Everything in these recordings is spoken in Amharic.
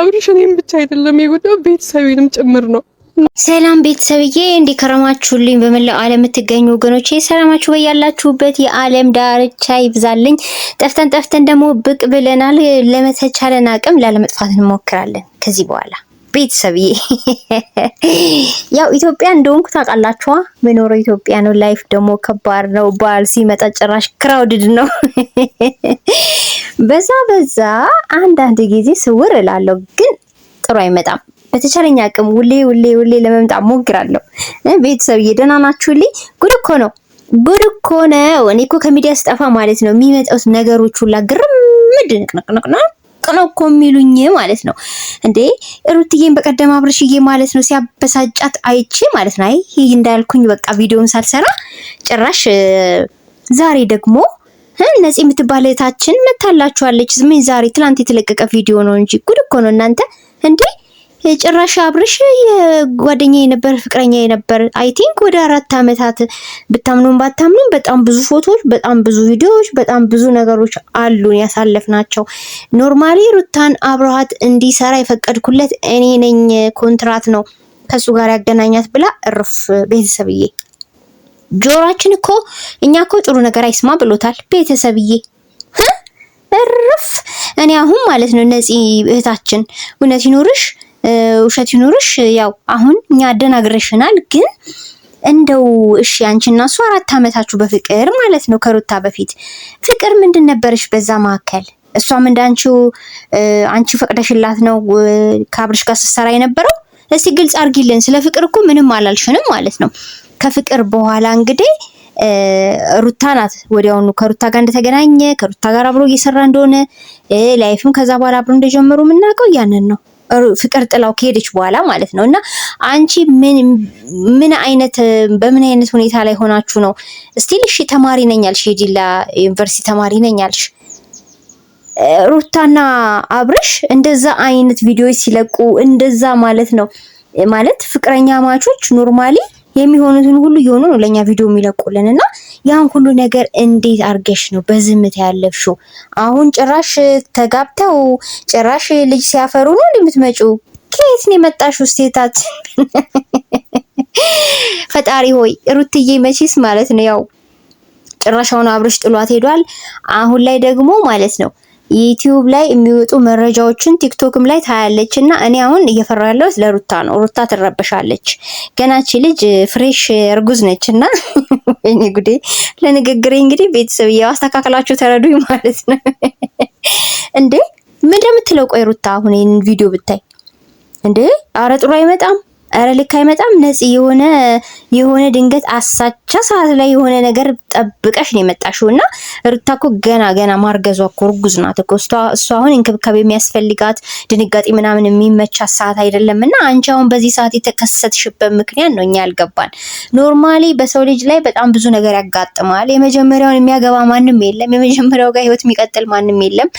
አብርሽ እኔም ብቻ አይደለም የጎዳው ቤተሰቤንም ጭምር ነው። ሰላም ቤተሰብዬ፣ እንዲ ከረማችሁልኝ። በመላው ዓለም የምትገኙ ወገኖቼ ሰላማችሁ በያላችሁበት የዓለም ዳርቻ ይብዛልኝ። ጠፍተን ጠፍተን ደግሞ ብቅ ብለናል። ለመተቻለን አቅም ላለመጥፋት እንሞክራለን ከዚህ በኋላ ቤተሰብዬ ያው ኢትዮጵያ እንደሆንኩ ታውቃላችኋ። መኖረው ኢትዮጵያ ነው። ላይፍ ደግሞ ከባድ ነው። በዓል ሲመጣ ጭራሽ ክራውድድ ነው። በዛ በዛ አንዳንድ ጊዜ ስውር እላለሁ፣ ግን ጥሩ አይመጣም። በተቻለኝ አቅም ውሌ ውሌ ውሌ ለመምጣት ሞግራለሁ። ቤተሰብዬ ደህና ናችሁልኝ? ጉድ እኮ ነው፣ ጉድ እኮ ነው። እኔ እኮ ከሚዲያ ስጠፋ ማለት ነው የሚመጣው ነገሮች ሁላ ግርም ድንቅንቅንቅ ነው። ነው እኮ የሚሉኝ ማለት ነው። እንዴ ሩትዬን በቀደም አብርሽዬ ማለት ነው ሲያበሳጫት አይቼ ማለት ነው። አይ ይህ እንዳልኩኝ በቃ ቪዲዮም ሳልሰራ ጭራሽ ዛሬ ደግሞ ነፂ የምትባል እህታችን መታላችኋለች። ምን ዛሬ ትላንት የተለቀቀ ቪዲዮ ነው እንጂ ጉድ እኮ ነው እናንተ እንዴ የጭራሽ አብርሽ የጓደኛ የነበር ፍቅረኛ የነበር አይ ቲንክ ወደ አራት ዓመታት ብታምኑም ባታምኑም በጣም ብዙ ፎቶዎች፣ በጣም ብዙ ቪዲዮዎች፣ በጣም ብዙ ነገሮች አሉን ያሳለፍናቸው። ኖርማሊ ሩታን አብረሃት እንዲሰራ የፈቀድኩለት እኔ ነኝ። ኮንትራት ነው ከሱ ጋር ያገናኛት ብላ እርፍ። ቤተሰብዬ ጆሮአችን እኮ እኛ እኮ ጥሩ ነገር አይስማ ብሎታል። ቤተሰብዬ እርፍ። እኔ አሁን ማለት ነው ነፂ እህታችን እውነት ይኖርሽ ውሸት ይኑርሽ፣ ያው አሁን እኛ አደናግረሽናል። ግን እንደው እሺ አንቺ እና እሱ አራት ዓመታችሁ በፍቅር ማለት ነው። ከሩታ በፊት ፍቅር ምንድን ነበርሽ? በዛ መካከል እሷም እንዳንቺው አንቺ ፈቅደሽላት ነው ከአብርሽ ጋር ስትሰራ የነበረው። እስቲ ግልጽ አድርጊልን። ስለ ፍቅር እኮ ምንም አላልሽንም ማለት ነው። ከፍቅር በኋላ እንግዲህ ሩታ ናት ወዲያውኑ ከሩታ ጋር እንደተገናኘ ከሩታ ጋር አብሮ እየሰራ እንደሆነ ላይፍም ከዛ በኋላ አብሮ እንደጀመሩ የምናውቀው ያንን ነው። ፍቅር ጥላው ከሄደች በኋላ ማለት ነው። እና አንቺ ምን አይነት በምን አይነት ሁኔታ ላይ ሆናችሁ ነው? ስቲል እሺ ተማሪ ነኝ አልሽ፣ የዲላ ዩኒቨርሲቲ ተማሪ ነኝ አልሽ። ሩታና አብርሽ እንደዛ አይነት ቪዲዮዎች ሲለቁ እንደዛ ማለት ነው ማለት ፍቅረኛ ማቾች ኖርማሊ የሚሆኑትን ሁሉ እየሆኑ ነው ለእኛ ቪዲዮ የሚለቁልን እና ያን ሁሉ ነገር እንዴት አርገሽ ነው በዝምታ ያለፍሽው? አሁን ጭራሽ ተጋብተው ጭራሽ ልጅ ሲያፈሩ ነው እንደምትመጪው? ከየት ነው የመጣሽው? ስቴታችን ፈጣሪ ሆይ ሩትዬ መቼስ ማለት ነው ያው ጭራሻውን አብረሽ ጥሏት ሄዷል። አሁን ላይ ደግሞ ማለት ነው ዩቲዩብ ላይ የሚወጡ መረጃዎችን ቲክቶክም ላይ ታያለች እና እኔ አሁን እየፈራ ያለሁት ለሩታ ነው። ሩታ ትረበሻለች። ገናች ልጅ ፍሬሽ እርጉዝ ነች እና ወይኔ ጉዴ! ለንግግሬ እንግዲህ ቤተሰብ አስተካከላችሁ ተረዱኝ ማለት ነው። እንዴ ምን እንደምትለው ቆይ ሩታ አሁን ይህን ቪዲዮ ብታይ እንዴ አረ ጥሩ አይመጣም ኧረ ልክ አይመጣም። ነፂ የሆነ የሆነ ድንገት አሳቻ ሰዓት ላይ የሆነ ነገር ጠብቀሽ ነው የመጣሽው እና ሩታ እኮ ገና ገና ማርገዟ እኮ እርጉዝ ናት እኮ እሷ አሁን እንክብካቤ የሚያስፈልጋት ድንጋጤ ምናምን የሚመቻት ሰዓት አይደለም። እና አንቺ አሁን በዚህ ሰዓት የተከሰትሽበት ምክንያት ነው እኛ ያልገባን። ኖርማሊ በሰው ልጅ ላይ በጣም ብዙ ነገር ያጋጥማል። የመጀመሪያውን የሚያገባ ማንም የለም። የመጀመሪያው ጋር ህይወት የሚቀጥል ማንም የለም።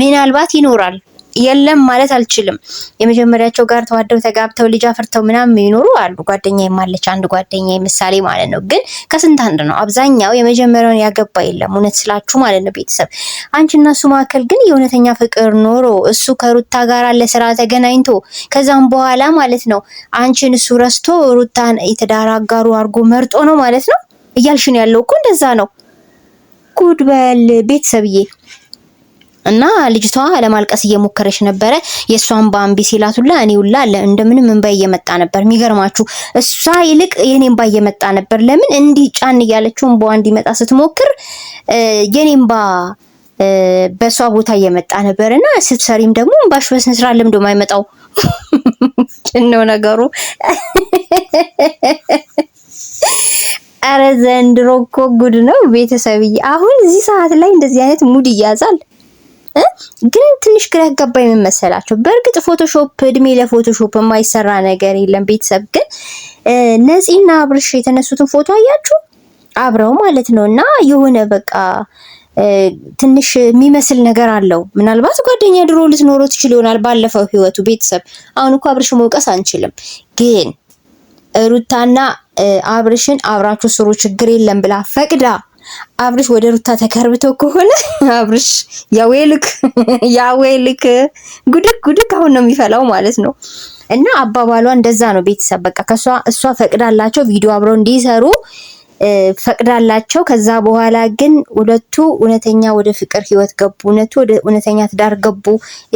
ምናልባት ይኖራል የለም ማለት አልችልም። የመጀመሪያቸው ጋር ተዋደው ተጋብተው ልጅ አፍርተው ምናምን የሚኖሩ አሉ። ጓደኛ የማለች አንድ ጓደኛ ምሳሌ ማለት ነው። ግን ከስንት አንድ ነው። አብዛኛው የመጀመሪያውን ያገባ የለም። እውነት ስላችሁ ማለት ነው። ቤተሰብ እና እሱ መካከል ግን የእውነተኛ ፍቅር ኖሮ እሱ ከሩታ ጋር ለስራ ተገናኝቶ ከዛም በኋላ ማለት ነው አንቺን እሱ ረስቶ ሩታን የትዳር አጋሩ አድርጎ መርጦ ነው ማለት ነው እያልሽን ያለው እኮ እንደዛ ነው። ጉድ በል ቤተሰብዬ። እና ልጅቷ ለማልቀስ እየሞከረች ነበረ። የእሷን ባምቢ ሲላቱላ እኔ ውላ አለ እንደምንም እንባ እየመጣ ነበር። የሚገርማችሁ እሷ ይልቅ የኔ እንባ እየመጣ ነበር። ለምን እንዲህ ጫን እያለችው እንባ እንዲመጣ ስትሞክር የኔ እንባ በእሷ ቦታ እየመጣ ነበር። እና ስትሰሪም ደግሞ እንባሽ በስነ ስርዓት ለምዶ ማይመጣው ነው ነገሩ። አረ ዘንድሮ እኮ ጉድ ነው ቤተሰብዬ። አሁን እዚህ ሰዓት ላይ እንደዚህ አይነት ሙድ ይያዛል። ግን ትንሽ ግራ ያጋባ የምመሰላቸው። በእርግጥ ፎቶሾፕ እድሜ ለፎቶሾፕ የማይሰራ ነገር የለም። ቤተሰብ ግን ነፂና አብርሽ የተነሱትን ፎቶ አያችሁ? አብረው ማለት ነው እና የሆነ በቃ ትንሽ የሚመስል ነገር አለው። ምናልባት ጓደኛ ድሮ ልትኖሮ ትችል ይሆናል ባለፈው ህይወቱ። ቤተሰብ አሁን እኮ አብርሽ መውቀስ አንችልም፣ ግን ሩታና አብርሽን አብራችሁ ስሩ ችግር የለም ብላ ፈቅዳ አብርሽ ወደ ሩታ ተከርብቶ ከሆነ አብርሽ ያዌልክ ያዌልክ ጉድክ ጉድክ አሁን ነው የሚፈላው ማለት ነው። እና አባባሏ እንደዛ ነው። ቤተሰብ በቃ ከሷ እሷ ፈቅዳላቸው ቪዲዮ አብረው እንዲሰሩ ፈቅዳላቸው። ከዛ በኋላ ግን ሁለቱ እውነተኛ ወደ ፍቅር ህይወት ገቡ፣ እውነቱ ወደ እውነተኛ ትዳር ገቡ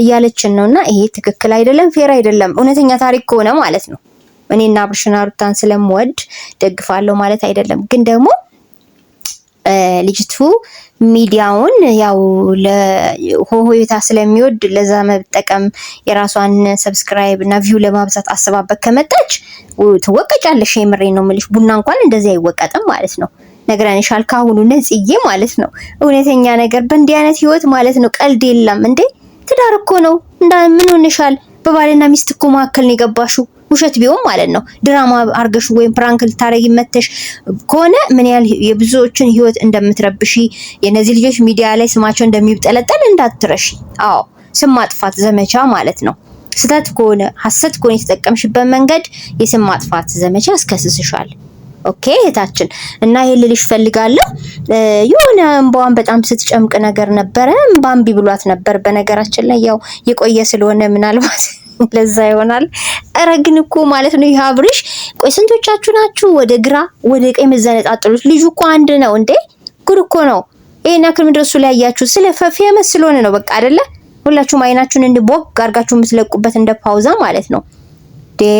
እያለችን ነው። እና ይሄ ትክክል አይደለም፣ ፌር አይደለም። እውነተኛ ታሪክ ከሆነ ማለት ነው እኔና አብርሽና ሩታን ስለምወድ ደግፋለሁ ማለት አይደለም ግን ደግሞ ልጅቱ ሚዲያውን ያው ለሆሆታ ስለሚወድ ለዛ መጠቀም የራሷን ሰብስክራይብ እና ቪው ለማብዛት አስባበት ከመጣች ትወቀጫለሽ። የምሬ ነው የምልሽ። ቡና እንኳን እንደዚህ አይወቀጥም ማለት ነው። ነግረንሻል ካሁኑ ነጽዬ ማለት ነው። እውነተኛ ነገር በእንዲህ አይነት ህይወት ማለት ነው ቀልድ የለም እንዴ። ትዳር እኮ ነው። ምን ሆንሻል? በባልና ሚስት እኮ መካከል ነው የገባሽው። ውሸት ቢሆን ማለት ነው ድራማ አርገሽ ወይም ፕራንክ ልታረጊ መተሽ ከሆነ ምን ያህል የብዙዎችን ህይወት እንደምትረብሺ የነዚህ ልጆች ሚዲያ ላይ ስማቸው እንደሚብጠለጠል እንዳትረሺ። አዎ ስም ማጥፋት ዘመቻ ማለት ነው። ስህተት ከሆነ ሀሰት ከሆነ የተጠቀምሽበት መንገድ የስም ማጥፋት ዘመቻ ያስከስስሻል። ኦኬ እህታችን እና ይሄ ልልሽ ፈልጋለሁ። የሆነ እንባዋን በጣም ስትጨምቅ ነገር ነበረ። እንባ እምቢ ብሏት ነበር። በነገራችን ላይ ያው የቆየ ስለሆነ ምናልባት ለዛ ይሆናል። ኧረ ግን እኮ ማለት ነው ይህ አብርሽ፣ ቆይ ስንቶቻችሁ ናችሁ ወደ ግራ ወደ ቀኝ መዘነጣጥሉት? ልጁ እኮ አንድ ነው እንዴ! ጉድ እኮ ነው። ይሄን ያክል ምድረሱ ላይ ያያችሁ ስለ ፌመስ ስለሆነ ነው በቃ አይደለ? ሁላችሁም አይናችሁን እንድቦግ አድርጋችሁ የምትለቁበት እንደ ፓውዛ ማለት ነው ዴ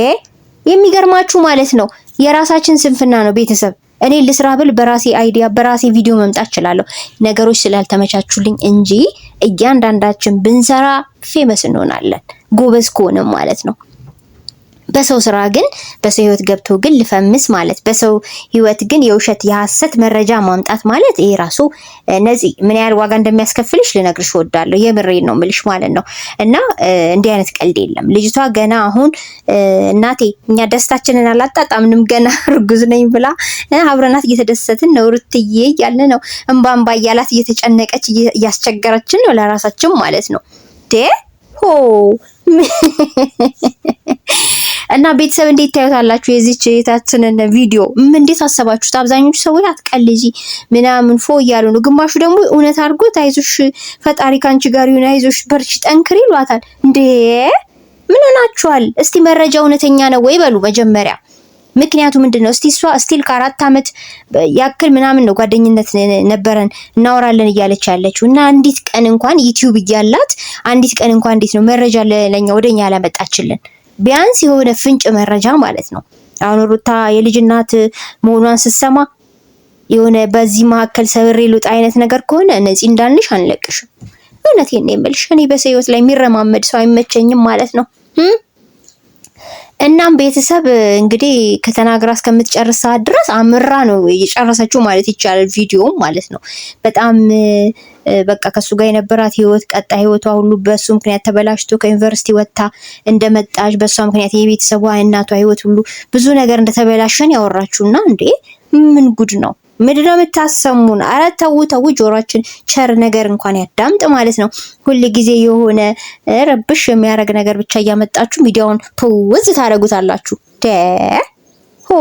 የሚገርማችሁ ማለት ነው የራሳችን ስንፍና ነው ቤተሰብ እኔ ልስራ ብል በራሴ አይዲያ በራሴ ቪዲዮ መምጣት እችላለሁ። ነገሮች ስላልተመቻቹልኝ እንጂ እያንዳንዳችን ብንሰራ ፌመስ እንሆናለን፣ ጎበዝ ከሆንም ማለት ነው። በሰው ስራ ግን በሰው ህይወት ገብቶ ግን ልፈምስ ማለት በሰው ህይወት ግን የውሸት የሐሰት መረጃ ማምጣት ማለት ይሄ ራሱ እነዚህ ምን ያህል ዋጋ እንደሚያስከፍልሽ ልነግርሽ እወዳለሁ። የምሬን ነው ምልሽ ማለት ነው። እና እንዲህ አይነት ቀልድ የለም። ልጅቷ ገና አሁን እናቴ እኛ ደስታችንን አላጣጣምንም ገና ርጉዝ ነኝ ብላ አብረናት እየተደሰትን ነው። ርትዬ እያልን ነው። እንባ እንባ እያላት እየተጨነቀች እያስቸገረችን ነው ለራሳችን ማለት ነው ሆ እና ቤተሰብ እንዴት ታዩታላችሁ? የዚች የታችንን ቪዲዮ እንዴት አሰባችሁት? አብዛኞቹ ሰዎች አትቀልጂ ምናምን ፎ እያሉ ነው። ግማሹ ደግሞ እውነት አድርጎት አይዞሽ፣ ፈጣሪ ካንቺ ጋር ይሁን፣ አይዞሽ፣ በርቺ፣ ጠንክሪ ይሏታል። እንዴ ምን ሆናችኋል? እስቲ መረጃ እውነተኛ ነው ወይ በሉ መጀመሪያ ምክንያቱ ምንድን ነው? እስቲ እሷ ስቲል ከአራት ዓመት ያክል ምናምን ነው ጓደኝነት ነበረን እናወራለን እያለች ያለችው እና አንዲት ቀን እንኳን ዩቲዩብ እያላት አንዲት ቀን እንኳን እንዴት ነው መረጃ ለኛ ወደኛ ያላመጣችልን? ቢያንስ የሆነ ፍንጭ መረጃ ማለት ነው። አሁን ሩታ የልጅ እናት መሆኗን ስትሰማ የሆነ በዚህ መካከል ሰብሬ ልውጥ አይነት ነገር ከሆነ ነፂ እንዳልንሽ አንለቅሽም። እውነቴን ነው የምልሽ እኔ በሰው ህይወት ላይ የሚረማመድ ሰው አይመቸኝም ማለት ነው። እናም ቤተሰብ እንግዲህ ከተናግራ እስከምትጨርስ ሰዓት ድረስ አምራ ነው የጨረሰችው ማለት ይቻላል። ቪዲዮም ማለት ነው። በጣም በቃ ከሱ ጋር የነበራት ህይወት ቀጣ ህይወቷ ሁሉ በሱ ምክንያት ተበላሽቶ ከዩኒቨርሲቲ ወጥታ እንደመጣች በሷ ምክንያት የቤተሰቧ እናቷ ህይወት ሁሉ ብዙ ነገር እንደተበላሸን ያወራችሁና እንዴ ምን ጉድ ነው? ምንድነው የምታሰሙን? አረ ተው ተው፣ ቸር ነገር እንኳን ያዳምጥ ማለት ነው። ሁል ጊዜ የሆነ ረብሽ የሚያደርግ ነገር ብቻ እያመጣችሁ ሚዲያውን ተውዝ ታደርጉታላችሁ። ደ ሆ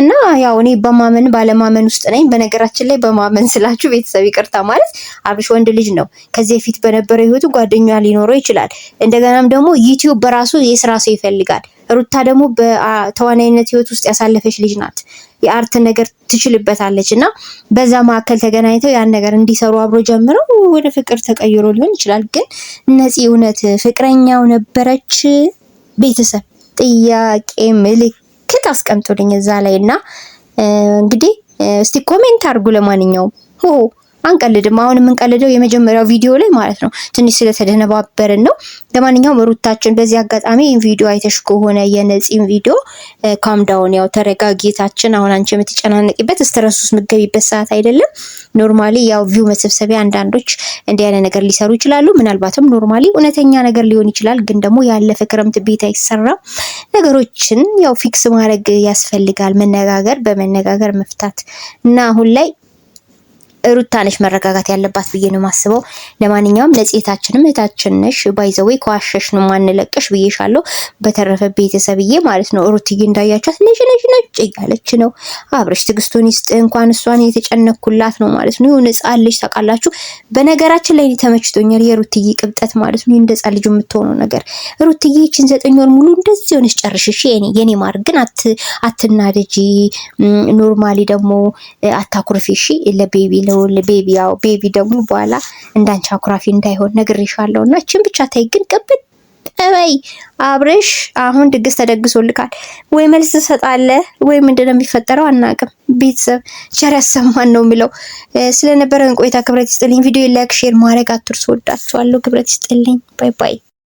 እና ያው እኔ በማመን ባለማመን ውስጥ ነኝ። በነገራችን ላይ በማመን ስላችሁ ቤተሰብ ይቅርታ ማለት አብሽ ወንድ ልጅ ነው። ከዚህ በፊት በነበረው ህይወቱ ጓደኛ ሊኖረው ይችላል። እንደገናም ደግሞ ዩቲዩብ በራሱ የስራ ሰው ይፈልጋል። ሩታ ደግሞ በተዋናይነት ህይወት ውስጥ ያሳለፈች ልጅ ናት። የአርት ነገር ትችልበታለች እና በዛ መካከል ተገናኝተው ያን ነገር እንዲሰሩ አብሮ ጀምረው ወደ ፍቅር ተቀይሮ ሊሆን ይችላል። ግን ነፂ እውነት ፍቅረኛው ነበረች? ቤተሰብ ጥያቄ ምልክት አስቀምጦልኝ እዛ ላይ እና እንግዲህ እስቲ ኮሜንት አድርጉ ለማንኛውም አንቀልድም። አሁን የምንቀልደው የመጀመሪያው ቪዲዮ ላይ ማለት ነው፣ ትንሽ ስለተደነባበርን ነው። ለማንኛውም ሩታችን በዚህ አጋጣሚ ይህን ቪዲዮ አይተሽ ከሆነ የነፂን ቪዲዮ ካምዳውን፣ ያው ተረጋጊታችን። አሁን አንቺ የምትጨናነቂበት ስትረስ ውስጥ የምትገቢበት ሰዓት አይደለም። ኖርማሊ ያው ቪው መሰብሰቢያ አንዳንዶች እንዲህ አይነት ነገር ሊሰሩ ይችላሉ። ምናልባትም ኖርማሊ እውነተኛ ነገር ሊሆን ይችላል፣ ግን ደግሞ ያለፈ ክረምት ቤት አይሰራም። ነገሮችን ያው ፊክስ ማድረግ ያስፈልጋል። መነጋገር በመነጋገር መፍታት እና አሁን ላይ ሩታ ነች መረጋጋት ያለባት ብዬ ነው የማስበው። ለማንኛውም ነጽሄታችንም እህታችን ነሽ ባይዘዌ ከዋሸሽ ነው ማንለቅሽ ብዬሻለሁ። በተረፈ ቤተሰብዬ ማለት ነው ሩትዬ እንዳያቻት ነጭ ነጭ ነጭ እያለች ነው። አብረሽ ትግስቱን ይስጥ። እንኳን እሷን የተጨነኩላት ነው ማለት ነው። የሆነ ህጻን ልጅ ታውቃላችሁ። በነገራችን ላይ ተመችቶኛል የሩትዬ ቅብጠት ማለት ነው። እንደጻ ልጅ የምትሆነው ነገር ሩትዬ ይህችን ዘጠኝ ወር ሙሉ እንደዚህ ሆነሽ ጨርሽሽ። የኔ የኔ ማር ግን አትናደጂ። ኖርማሊ ደግሞ አታኩርፊሽ ለቤቢ ለ ይሁን ቤቢ። ያው ቤቢ ደግሞ በኋላ እንዳንቺ አኩራፊ እንዳይሆን ነግሬሻለሁ እና እችን ብቻ ታይ ግን ቅብጥ በይ አብረሽ አሁን ድግስ ተደግሶልካል። ወይ መልስ ትሰጣለህ ወይ ምንድነው የሚፈጠረው አናውቅም። ቤተሰብ ቸር ያሰማን ነው የሚለው። ስለነበረን ቆይታ ክብረት ይስጥልኝ። ቪዲዮ ላይክ፣ ሼር ማድረግ አትርሱ። ወዳችኋለሁ። ክብረት ይስጥልኝ። ባይ ባይ